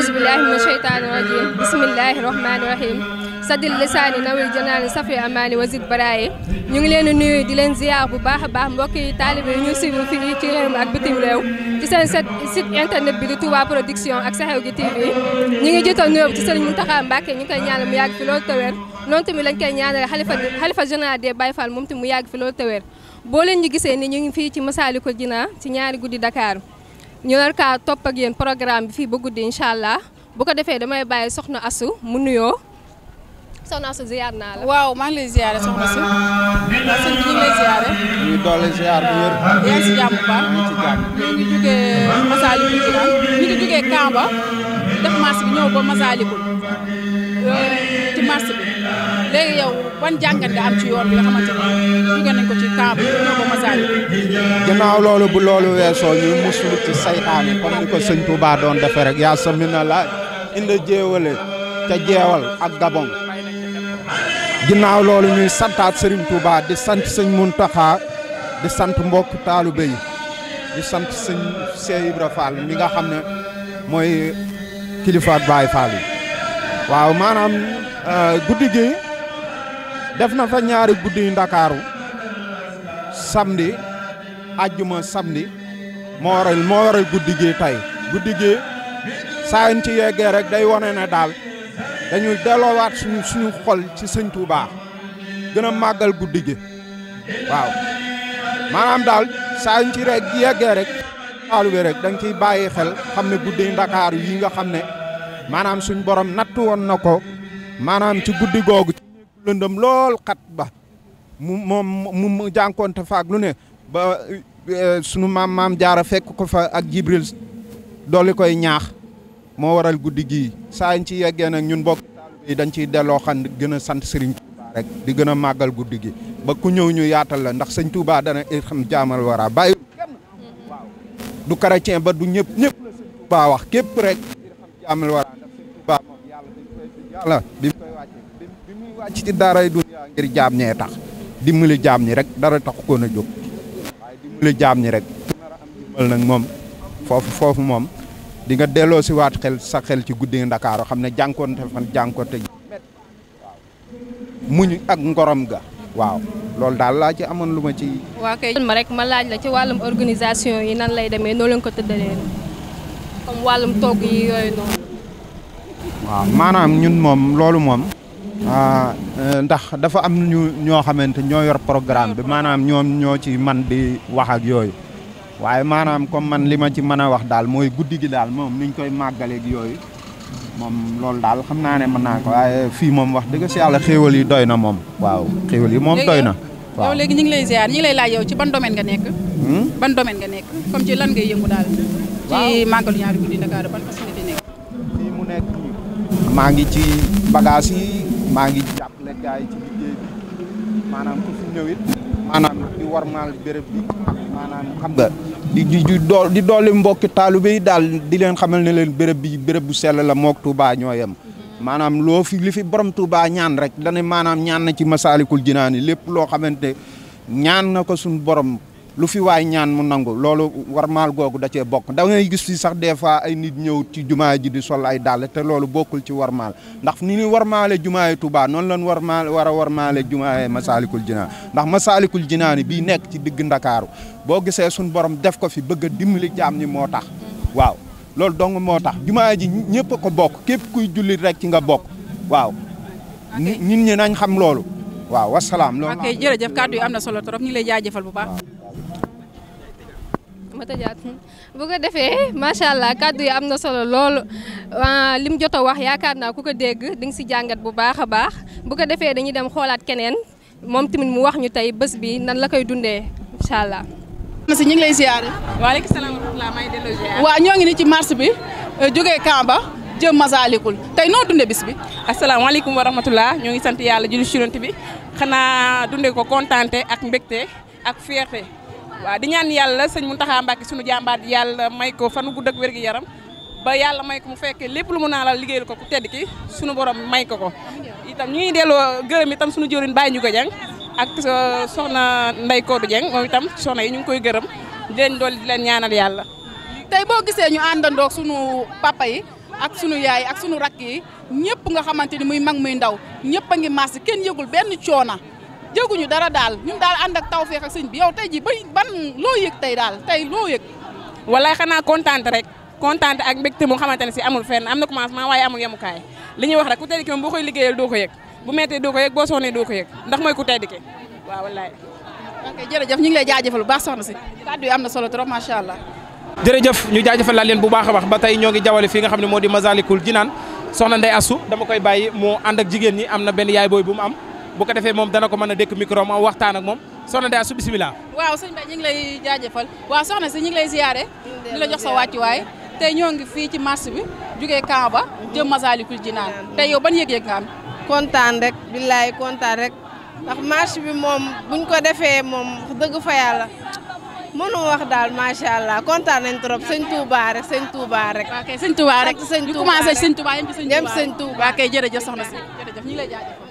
أعوذ بالله من الشيطان الرجيم بسم الله الرحمن الرحيم sadil lisaani nawil janaani safi amaani wasid baraaye ñu ngi leen di nuyu di leen ziyaar bu baax a baax mbokk yi taalibe yi ñu suivre fii ci réew mi ak bitim réew ci seen set site internet bi di Touba production ak Saxew gi TV ñu ngi jiital nuyoo ci Serigne Mountakha Mbacké ñu koy ñaanal mu yàgg fi loolu tawéer noonu tamit lañ koy ñaanal xalifa xalifa général des Baye Fall moom tamit mu yàgg fi loolu tawéer boo leen ñu gisee ni ñu ngi fii ci Masaalikul Jinaan ci ñaari guddi Dakar ñu nar kaa topp ak yéen programme bi fii ba guddi incha allah bu ko defee damay bàyyi soxna Asu mu nuyoo soxna Asu ziar naa la. waaw maa ngi lay ziare si. waaw sëñ bi ñu ngi lay si jàmm bu baax. yaa ngi def marche bi ñëw ba Masalikul. Euh, ban jàngat nga am ci yoon bi nga xamante ne jóge nañ ko ci camp bi ñoo ko masaale. ginnaaw loolu bu loolu weesoo ñu muslu ci saytaane comme ni ko sëñ Touba doon defee rek yaa sa mina la indi jéewale te jeewal ak gabon. ginnaaw loolu ñuy santaat Serigne Touba di sant sëñ Mountakha di sant mbokk taalu yi di sant sëñ Cheikh nga xam ne mooy kilifaat Baye Fall waaw maanaam euh, guddi def na fa ñaari guddi yu ndakaaru samedi ajjuma samedi moo waral moo waral guddi gi tey guddi gi saa ci yeggee rek day wane ne daal dañuy delloowaat suñu suñu xol ci sëñ Tuubaa gën màggal guddi gi waaw maanaam daal saa ci rek yeggee rek aalu rek dañ ciy bàyyi xel xam ne guddi ndakaaru yi nga xam ne maanaam suñ borom nattu woon na ko maanaam ci guddi googu lëndëm lol kat ba mu moom mu jànkoonte fa ak lu ne ba e, sunu mam mam jaara fekk ko fa ak jibril doli koy ñaax mo waral guddi gii saa ci yegge nak ñun bok talibi dañ ci delo xan gëna sante serigne touba rek di gëna magal màggal guddi gi ba ku ñew ñu yaatal la ndax serigne touba dana xam jaamal wara bàyyi du chrétien ba du ñep ñep la sëñ Tuubaa wax képp rek jaamal wara yàlla wàcc ci daaray duniyaa ngir jaam ñee tax dimbali jaam ñi rek dara tax koon a jóg dimbali jaam ñi rek ku moom foofu foofu moom di nga delloo si waat xel sa xel ci guddi ndakaaru xam ne jànkoonte fan jànkoonte muñ ak ngorom ga waaw loolu daal laa ci amoon lu ma ci waaw kay ma rek ma laaj la ci wàllum organisation yi nan lay demee noo leen ko tëddalee comme wàllum togg yi yooyu noonu waaw maanaam ñun moom loolu moom Ah, euh, ndax dafa am ñu ñoo xamante ñoo yor programme bi maanaam ñoom ñoo ci man di wax ak yooyu waaye maanaam comme man li ma ci mën a wax daal mooy guddi gi daal moom niñ koy màggaleeg yooyu moom loolu daal xam naa ne mën naa fii moom wax dëgg si yàlla xéewal yi doy na moom waaw xéewal yi moom doy na waaw léegi ñu lay ziar ñu ngi lay yow ci ban domaine nga nekk hmm? ban domaine nga nekk comme ci lan ngay yëngu daal ci màggalu ñaari guddi Ndakaaru ban façon nga nekk maa ngi ci bagage yi maa ngi jàppale gars yi ci liggéey bi maanaam ku fi ñëw maanaam di warmaal béréb bi xam nga di di dool di dooli mbokki taalibe yi daal di leen xamal ne leen bërëb bi béréb bu sell la mook Touba ñoo yem maanaam loo fi li fi borom Touba ñaan rek dana maanaam ñaan na ci Masaalikul Jinaan yi lépp loo xamante ñaan na ko suñu borom lu fi waay ñaan mu nangu loolu war mal googu da cee bokk da ngay gis fi sax des fois ay nit ñëw ci jumaa ji di sol ay dàll te loolu bokkul ci war maal ndax ni ñu war maale jumaa yi Touba noonu lañ war maal war a war maale jumaa yi Masaalikul Jinaan ndax Masaalikul Jinaan bi nek ci digg Ndakaaru boo gisee suñ borom def ko fi bëgg dimbali jaam ñi moo waaw loolu dong moo jumaa ji ñëpp ko bok kep kuy jullit rek ci nga bokk waaw nit ñi nañ xam loolu waaw wasalaam loolu ok jërëjëf kàddu yi am na solo trop ñu lay jaajëfal bu baax ma tëjaat bu ko defee macha allah kàddu yi am na solo loolu ah, li mu jot a wax yaakaar naa ku ko dégg di nga si jàngat bu baax a baax bu ko defee dañuy dem xoolaat keneen moom tamit mu wax ñu tey bés bi nan la koy dundee incha allah. si ñu ngi lay waaleykum salaam waaw ñoo ngi ni ci marché bi eh, jógee Kamba jëm Masaalikul tey noo dundee bis bi. asalaamaaleykum wa rahmatulah ñoo ngi sant yàlla julli ci Yonent bi xanaa dundee ko kontaante ak mbégte ak fierté. waaw di ñaan yàlla sëñ Mountakha Mbacké suñu jàmbaat yàlla may ko fanu gudd ak wér gi yaram ba yàlla may ko mu fekkee lépp lu mu naalal liggéeyal ko ku tedd ki suñu borom may ko ko itam ñuy delloo gërëm itam suñu jëwriñ bàyyi ñu ko jeng ak soxna Ndey Koodu Jeng moom itam soxna yi ñu ngi koy gërëm di dool di leen ñaanal yàlla tey boo gisee ñu àndandoo suñu papa yi ak sunu yaay ak sunu rakk yi ñëpp nga xamante ni muy mag muy ndaw ñëpp a ngi mas kenn yëgul benn coona jéeguñu dara daal ñun daal ànd ak tawféex ak sëñ bi yow tey ji ba ban loo yëg tey daal tey loo yëg walaay xanaa kontaan rek kontaan ak mbégte mu xamante ne si amul fen am na commencement waaye amul yemukaay li ñuy wax rek ku tedd ki moom boo ko yëg doo ko yëg boo soonee doo ko yëg ndax mooy ku tedd ki waaw walaay ok jërëjëf ñu ngi lay jaajëfal bu baax soxna si kàddu yi am na solo trop macha allah jërëjëf ñu jaajëfal laa leen bu baax a wax ba tey ñoo ngi jawale fii nga xam ne moo di Masalikul Jinaan soxna Ndey asu dama koy bàyyi moo ànd ak jigéen ñi am na benn yaay booy bu mu am bu ko defee moom dana ko mën a dékk micro ma waxtaan ak moom soxna a su bisimilah. waaw sëñ Ba ñu ngi lay jaajëfal waaw soxna si ñu ngi lay ziyaare di la jox sa waaye te ñoo ngi fii ci marché bi jugee camp ba jëm Masalikul Jinaan tey yow ban yëg-yëg am. kontaan rek billaay kontaan rek ndax bi moom buñ ko defee moom dëgg fa yàlla mënu wax daal macha allah kontaan nañ trop sëñ Touba rek sëñ Touba rek. ok sëñ Touba rek ñu commencé sëñ Touba yem ci sëñ Touba yem sëñ Touba. ok jërëjëf soxna si jërëjëf ñu ngi lay jaajëfal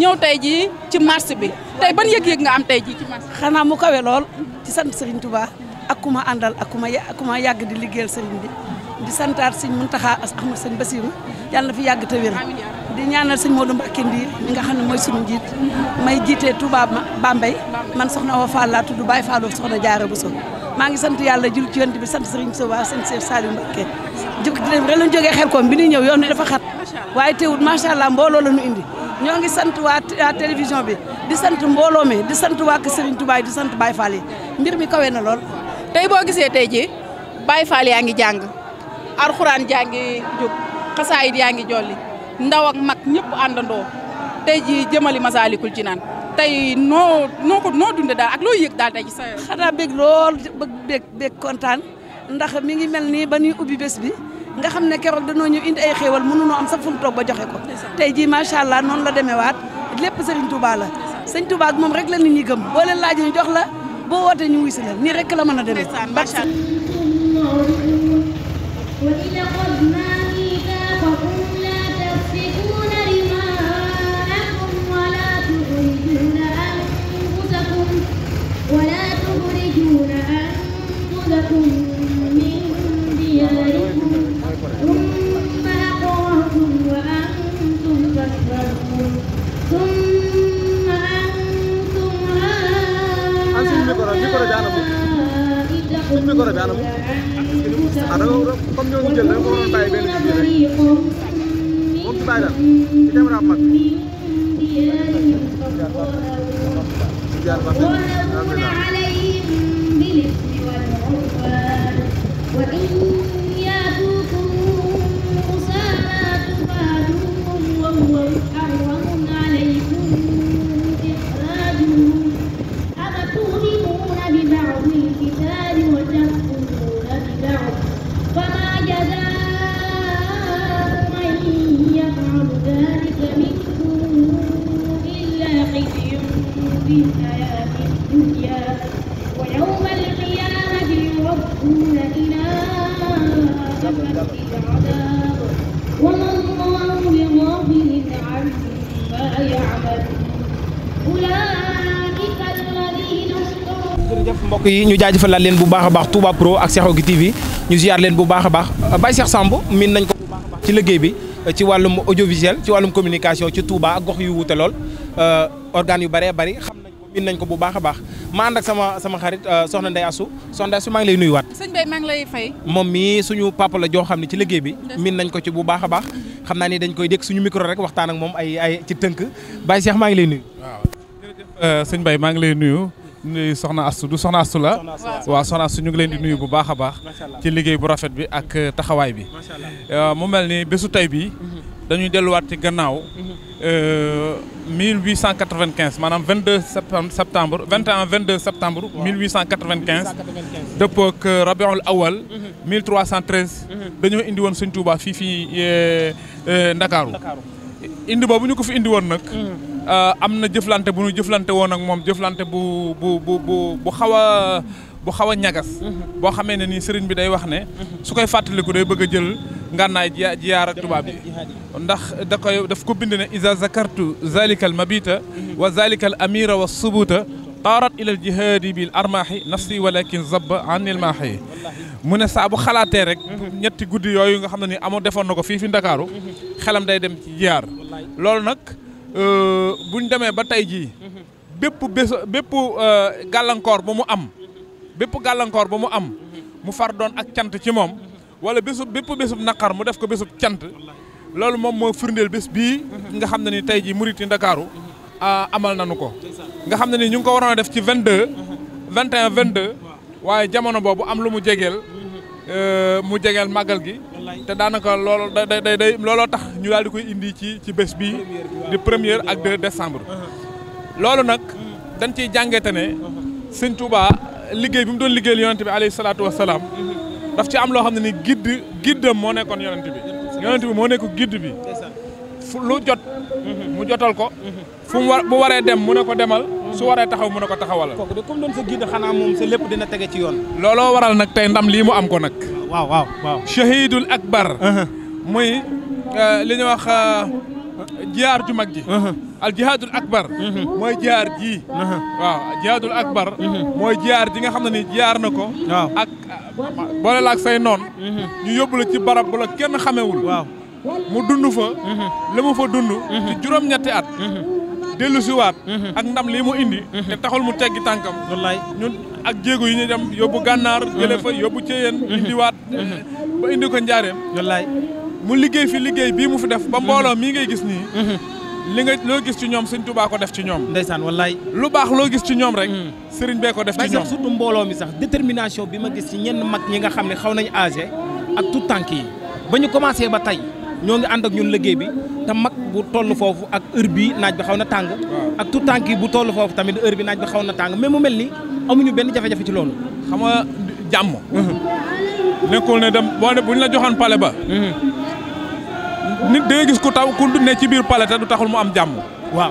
ñëw tey jii ci marché bi tey ban yëg-yëg nga am tey ji ci marché xanaa mu kawe lool ci sant Serigne tubaa ak ku ma àndal ak ku ma ak ku ma yàgg di liggéeyal Serigne bi di santaat Serigne Mountakha Ahmad Serigne Bassirou yàlla na fi yàgg te wér di ñaanal Serigne Modou Mbacké Ndir nga xam ne mooy suñu njiit may jiitee Touba Bambey man soxna Awa Fall laa tudd Baye Fallou soxna bu Bousso maa ngi sant yàlla jul ci yonent bi sant Serigne Sowa sant Cheikh Saliou Mbacké ren lañ jógee xel koom bi ñuy ñëw yoon ni dafa xat waaye teewul macha allah mbooloo la ñu indi ñoo ngi sant waa télévision bi di sant mbooloo mi di sant waa kër Serigne Touba di sant Baye faali mbir mi kawe na lool. tey boo gisee tey ji Baye Fall yaa ngi jàng alxuraan jaa ngi jóg xasaayit yaa ngi jooli ndaw ak mag ñëpp àndandoo tey ji jëmali ci Jinaan tey noo noo ko noo dundee daal ak loo yëg daal tey ci sa. xanaa bëgg lool bëgg bëgg bëgg kontaan ndax mi ngi mel nii ba ñuy ubbi bés bi nga xam ne keroog danoo ñu indi ay xéewal mënuñoo am sax fu mu ba joxe ko. tey jii macha allah noonu la demewaat lépp sëriñ Touba la. sëñ Touba ak moom rek la nit ñi gëm boo leen laaj ñu jox la boo wootee ñu wuy si la nii rek la mën a demee. macha allah يشاءون إلى أمد العذاب وما الله بغافل عما يعملون أولئك الذين jërëjëf mbokk yi ñu jaajëfalaat leen bu baax a baax Touba Pro ak Sekhawgui TV ñu ziar leen bu baax a baax Baye Cheikh Samb miin nañ ko bu baax a baax ci liggéey bi ci wàllum audiovisuel ci wàllum communication ci Touba ak gox yu wuute lool organes yu bëree bëri. miin nañ ko bu baax a baax ma ànd ak sama sama xarit euh, soxna Ndeye Assou soxna Ndeye maa ngi lay nuyuwaat. waat Baye maa fay. moom mii suñu papa la joo xam ne ci liggéey bi. miin nañ ko ci bu baax a baax. xam naa ni dañ koy dégg suñu micro rek waxtaan ak moom ay ay ci tënk Baye Cheikh maa ngi lay nuyu. waaw jërëjëf euh, sëñ maa ngi lay nuyu. soxna Astou du soxna Astou la waa soxna Astou ñu ngi leen di nuyu bu baax a baax ci liggéey bu rafet bi ak euh, taxawaay bi mu mel ni bésu tey bi mhm. dañuy delluwaat ci gannaaw. 1895 mhm. euh, maanaam 22 septembre 21 22 septembre. 1895 dëppoo ak euh, Rabiul Awal. 1313. Mhm. Mhm. dañoo indi woon Sëñ Tuubaa fii fii euh, Ndakaaru. indi boobu ñu ko fi indi woon nag. am na jëflante bu ñu jëflante woon ak moom jëflante bu bu bu bu bu xaw a bu xaw a ñagas. boo xamee ne nii sëriñ bi day wax ne. su koy fàttaliku day bëgg a jël. ngànnaay jiyaara tubaab yi ndax da koy daf ko bind ne iza zakartu zalika al mabita wa zalika al amira wa subuta taarat ila al jihaadi bil armaahi nafsi walakin zabba an il maahi mu ne saa bu xalaatee rek ñetti guddi yooyu nga xam ne ni amoo defoon na ko fii fi Ndakaaru xelam day dem ci jiyaar loolu nag buñ demee ba tey jii bépp bés bépp gàllankoor ba mu am bépp gàllankoor ba mu am mu far doon ak cant ci moom wala bésu bépp bésub naqar mu def ko bésub cant loolu moom moo firndeel bés bii nga xam ne ni tey jii murit yi Ndakaaru amal nañu ko nga xam ne ni ñu ngi ko waroon a def ci vingt 22 21 de waaye jamono boobu am lu mu jegeel euh, mu jegeel màggal gi te daanaka loolu day looloo tax ñu daal di koy indi ci ci bés bi di premier ak 2 décembre loolu nag dañ ciy jàngete ne Sëñ Tuubaa liggéey bi mu doon liggéeyal yonent bi alayhi salaatu wa salaam daf ci am loo xam ne ni gidd giddam moo nekkoon yonent bi yonent bi moo nekk gidd bi fu lu jot mhm. mu jotal ko mhm. fu mu war bu waree dem mu ne ko demal su waree taxaw mu ne ko taxawalal kooku de comme xanaa moom lépp dina tege ci yoon looloo waral nag tey ndam lii mu am ko nag waaw waaw waaw shahidul akbar uh-huh. muy eh, li ñu wax eh, jihaar ju mag ji uh-huh. al jihaadul akbar uh-huh. mooy jihaar ji nga xam ne ni jihaar na ko ak boole la ak say noon mhm. ñu yóbbu la ci barab bu la kenn xamewul waaw mu dund fa mhm. la mu fa dund mhm. ci juróom-ñetti at dellu siwaat ak ndam lii mu indi te taxul mu teggi tànkam wallaay ñun ak jéego yi ñu dem yóbbu gànnaar jële fa yóbbu ceyeen indiwaat ba indi ko njaareem wallaay mu liggéey fi liggéey bii mu fi def ba mbooloo mii ngay gis nii li nga loo gis ci ñoom sëñ Tuubaa ko def ci ñoom. ndeysaan wallaay. lu baax loo gis ci ñoom rek. Hmm. sëriñ bee ko def ci ñoom sax surtout mbooloo mi sax détermination bi ma gis ci ñenn mag ñi nga xam ne xaw nañu âgé ak tout tànk yi ba ñu commencé ba tey ñoo ngi ànd ak ñun liggéey bi te mag bu toll foofu ak heure bi naaj bi xaw na tàng. ak tout tànk yi bu toll foofu tamit heure bi naaj bi xaw na tàng mais mu mel ni amuñu benn jafe-jafe ci loolu. xam nga jàmm. Hmm. nekkul ne dem boo ne la joxoon pale ba. Hmm. nit da gis ku taw ku ne ci biir palais te du taxul mu am jàmm. waaw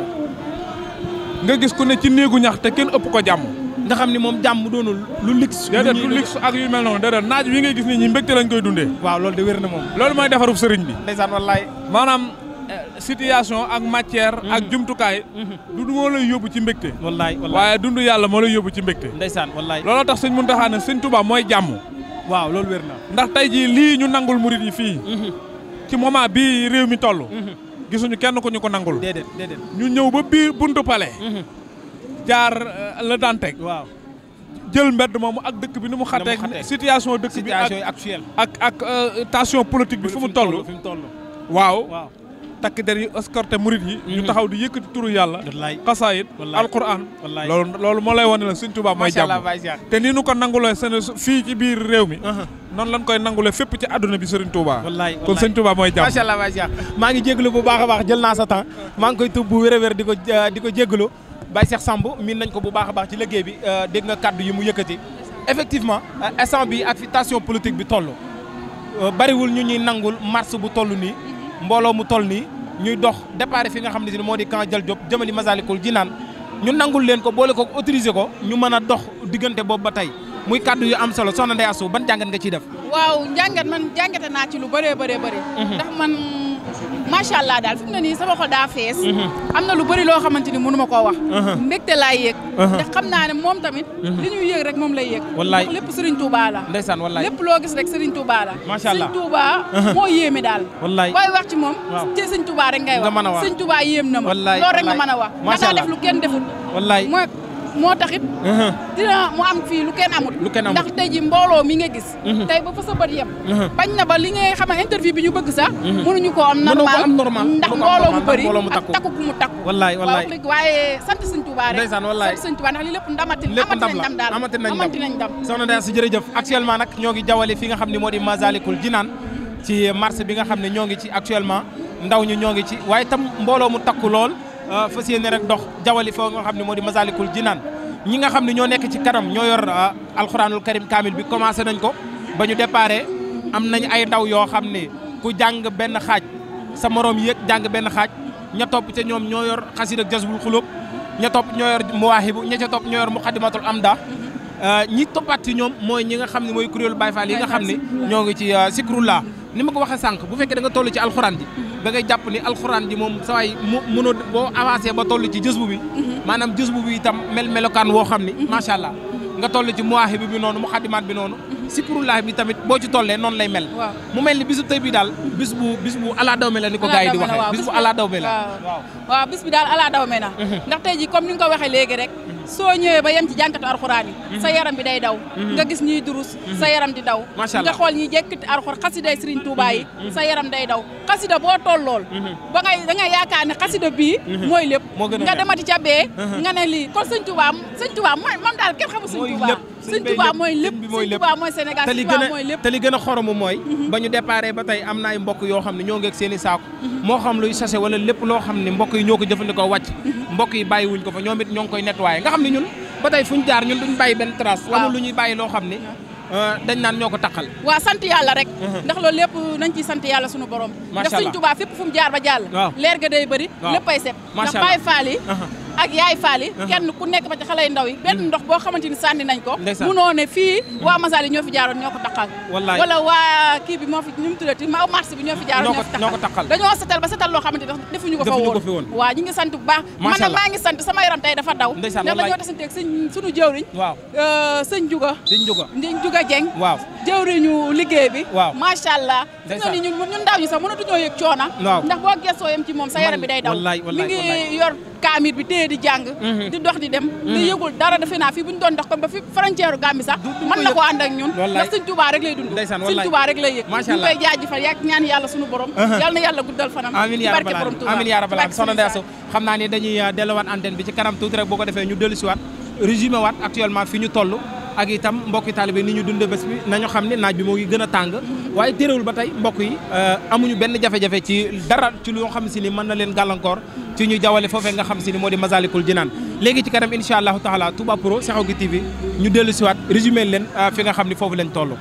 nga gis ku ne ci néegu ñax te kenn ëpp ko jàmm. nga xam ni moom jàmm doonul lu lix. déedéet lu lix ak yu mel noonu déedéet naaj wi ngay gis nit ñi mbégte lañ koy dundee. waaw loolu de wér na moom. loolu mooy defarub sëriñ bi. ndeysaan wallaay. maanaam eh, situation ak matière. Mm-hmm. ak jumtukaay. Mm-hmm. du moo lay yóbbu ci mbégte. wallaay wallaay waaye dund yàlla moo lay yóbbu ci mbégte. ndeysaan wallaay. looloo tax sëñ Muntaxa ne sëñ Tuubaa mooy jàmm. waaw ndax tey jii lii ñu ci moment bii réew mi toll. Mhm. gisuñu kenn ku ñu ko nangul. déedéet déedéet ñu ñëw ba biir buntu palais. Mhm. jaar euh, la daan teg. waaw jël mbedd moomu ak dëkk bi ni mu xateeg. situation dëkk bi ak situation actuelle. ak ak euh, tension politique bi fu mu toll. waaw. takk der yi escorté murit yi ñu mhm. taxaw di yëkkati turu yàlla xasaayit alquran loolu loolu moo lay wane la Sëñ Tuubaa mooy jàmm te nii nu ko nangulee seen fii ci biir réew mi uh-huh. noonu lañ koy nangulee fépp ci àdduna bi Sëriñ Tuubaa kon Sëñ Tuubaa mooy jàmm maa ngi jégalu bu baax a baax jël naa sa temps maa ngi koy tub bu wér a wér di ko euh, di ko jégalu Baye Cheikh Samb miin nañ ko bu baax a baax ci liggéey bi euh, dégg nga kàddu yi mu yëkkati effectivement euh, instant bi ak fi politique bi toll bariwul ñu ñuy nangul mars bu toll nii mbooloo mu toll nii ñuy dox départ fi nga xam ne si moo di camp Dial Diop jëmali Masalikul Jinaan ñu nangul leen ko boole ko autorisé ko ñu mën a dox diggante boobu ba tey muy kàddu yu am solo soxna Ndeye Astou ban jàngat nga ciy def. waaw jàngat man jàngate naa ci lu bëree bëree bëri. Mhm. ndax man. macha allah daal fi ne nii sama xol daa fees. Mhm. am na lu bëri loo xamante ni mënu ma koo wax. Mhm. mbégte laay yëg. ndax mhm. xam naa ne moom tamit. li ñuy yëg rek moom lay yëg. wallaay lépp Serigne Touba la. ndeysaan wallaay loo gis rek Serigne Touba la. macha allah Serigne moo yéeme daal. wallaay booy wax ci moom. waaw ci Serigne Touba rek ngay wax. nga a na ma. wallaay wallaay loolu rek nga mën a wax. macha def lu kenn deful. wallaay moo taxit uh-huh. dina mu am fii lu kenn amul ndax tey ji mbooloo mi nga gis uh-huh. tey ba fa sa bët yem uh-huh. bañ na ba li nga xam interview bi ñu bëgg sax ñu ko am normal ndax mbooloo mu bëri ak takku ku mu takku wallaay wallaay waaye sant sëñ Tuubaa rek sant sëñ Tuubaa ndax li lépp ndamati lépp ndam la daal amati nañ ndam amati nañ ndam soxna Ndeye Astou jërëjëf actuellement nag ñoo ngi jawale fi nga xam ne moo di Masalikul Jinaan ci marché bi nga xam ne ñoo ngi ci actuellement ndaw ñu ñoo ngi ci waaye tam mbooloo mu takku lool Euh, fa yéene rek dox jawali foo nga xam ne moo di Masalikul Jinaan ñi nga xam ne ñoo nekk ci kanam ñoo yor euh, alxuraanul karim kaamil bi commencé nañ ko ba ñu déparé am nañ ay ndaw yoo xam ne ku jàng benn xaaj sa moroom yéeg jàng benn xaaj ña topp ca ñoom ñoo yor xasida ak jasbul xulóob ña topp ñoo yor muwaahibu ña ca topp ñoo yor am amda Euh, ñi toppaat ci ñoom mooy ñi nga xam ne mooy kuréelu Baye Fall yi nga xam ne ñoo ngi ci sikrulla euh, ni ma ko waxee sànq bu fekkee da nga toll ci alxuraan ji da ngay jàpp ni alxuraan ji moom saa mu mënoo boo avancé ba toll ci jësbu bi mhm. maanaam bu bi itam mel melokaan woo xam ni mhm. macha allah nga toll ci muwaahi bi bi noonu mu xadimaat bi noonu sikrullaah mhm. bi tamit boo ci tollee noonu lay mel mu mel ni bisu tey bi daal bis bu bis bu ala la ni ko gars yi di waxee bis bu ala la waaw bis bi daal ala dawme comme ni nga ko waxee léegi rek soo ñëwee ba yem ci jànkatu arxuraan mhm. sa yaram bi day daw mhm. nga gis ñuy durus mhm. sa yaram di daw nga xool ñi jekkati arxur xasiday Sëriñ Tuubaa yi sa yaram day daw xasida boo toll lool ba ngay da yaakaar ne xasida bii mooy lépp nga demati ca bee uh-huh. nga ne lii kon Sëñ Tuubaa Sëñ Tuubaa moom daal kenn xamul Sëñ Tuubaa sëñ Tuubaa mooy lépp sëñ Tuubaa mooy Sénégal sëñ Tuubaa mooy lépp te li gën a xoromu mooy mhm. ba ñu déparé ba tey am na ay mbokk yoo xam ne ñoo ngi ak seen i mhm. moo xam luy sase wala lépp loo xam ne mbokk yi ñoo ko jëfandikoo wàcc mhm. mbokk yi bàyyi wuñ ko fa ñoom it ñoo ngi koy nettoyé nga xam ne ñun ba tey fuñ jaar ñun duñ bàyyi benn trace amul lu ñuy bàyyi loo xam ne euh, dañ naan ñoo ko taqal waa sant yàlla rek ndax loolu lépp nañ ciy sant yàlla suñu borom ndax sëñ Tuubaa fépp fu mu jaar ba jàll leer ga ak yaay faal yi uh-huh. kenn ku nekk ba ci xale yu ndaw yi benn mm. ndox boo xamante ni sànni nañ ko munoo ne fii mm. waa Masali ñoo fi jaaroon ñoo ko taqal wala waa kii bi moo fi ñu mu tuddati ma marché bi ñoo fi jaaroon ñoo ko taqal dañoo setal ba setal loo xamante ni defuñu ko fa woon waaw ñu ngi sant man nag maa ngi sama yaram dafa daw ndax dañoo desanteeg sëñ suñu jëwriñ Juga euh, sëñ jëwriñu liggéey bi waaw macha allah gis nga ni ñun ñun ndaw ñi sax mënatuñoo yëg coona ndax boo gestoo yem ci moom sa yaram bi day daw mi ngi yor kaamit bi téye di jàng mhm. di dox di dem te mhm. yëgul dara defe naa fii bu ñu doon dox kon fi frontière Gambie sax mën na ko ànd ak ñun ndax suñ tubaa rek lay dund suñ tubaa rek lay yëg ñu koy jaajëfal yak ñaan yàlla suñu borom mhm. yàlla na yàlla guddal fanam amiin yaa rabbal aalamiin amiin yaa rabbal aalamiin soxna Ndeye uh, ci kanam tuuti rek boo ko defee ñu dellusiwaat résumé waat actuellement fi ñu toll ak itam mbokki taalibe ni ñu dundee bés bi nañu xam ne naaj bi moo ngi gën a tàng waaye téerewul ba tey mbokk yi euh, amuñu benn jafe-jafe ci dara ci loo xam si ni mën na leen gàllankoor ci ñu jawale foofee nga xam si ni moo di Masalikul Jinaan léegi ci kanam incha allahu taala Touba Pro Sekhawgui TV ñu dellu siwaat résumé leen euh, fi nga xam ni foofu lañ toll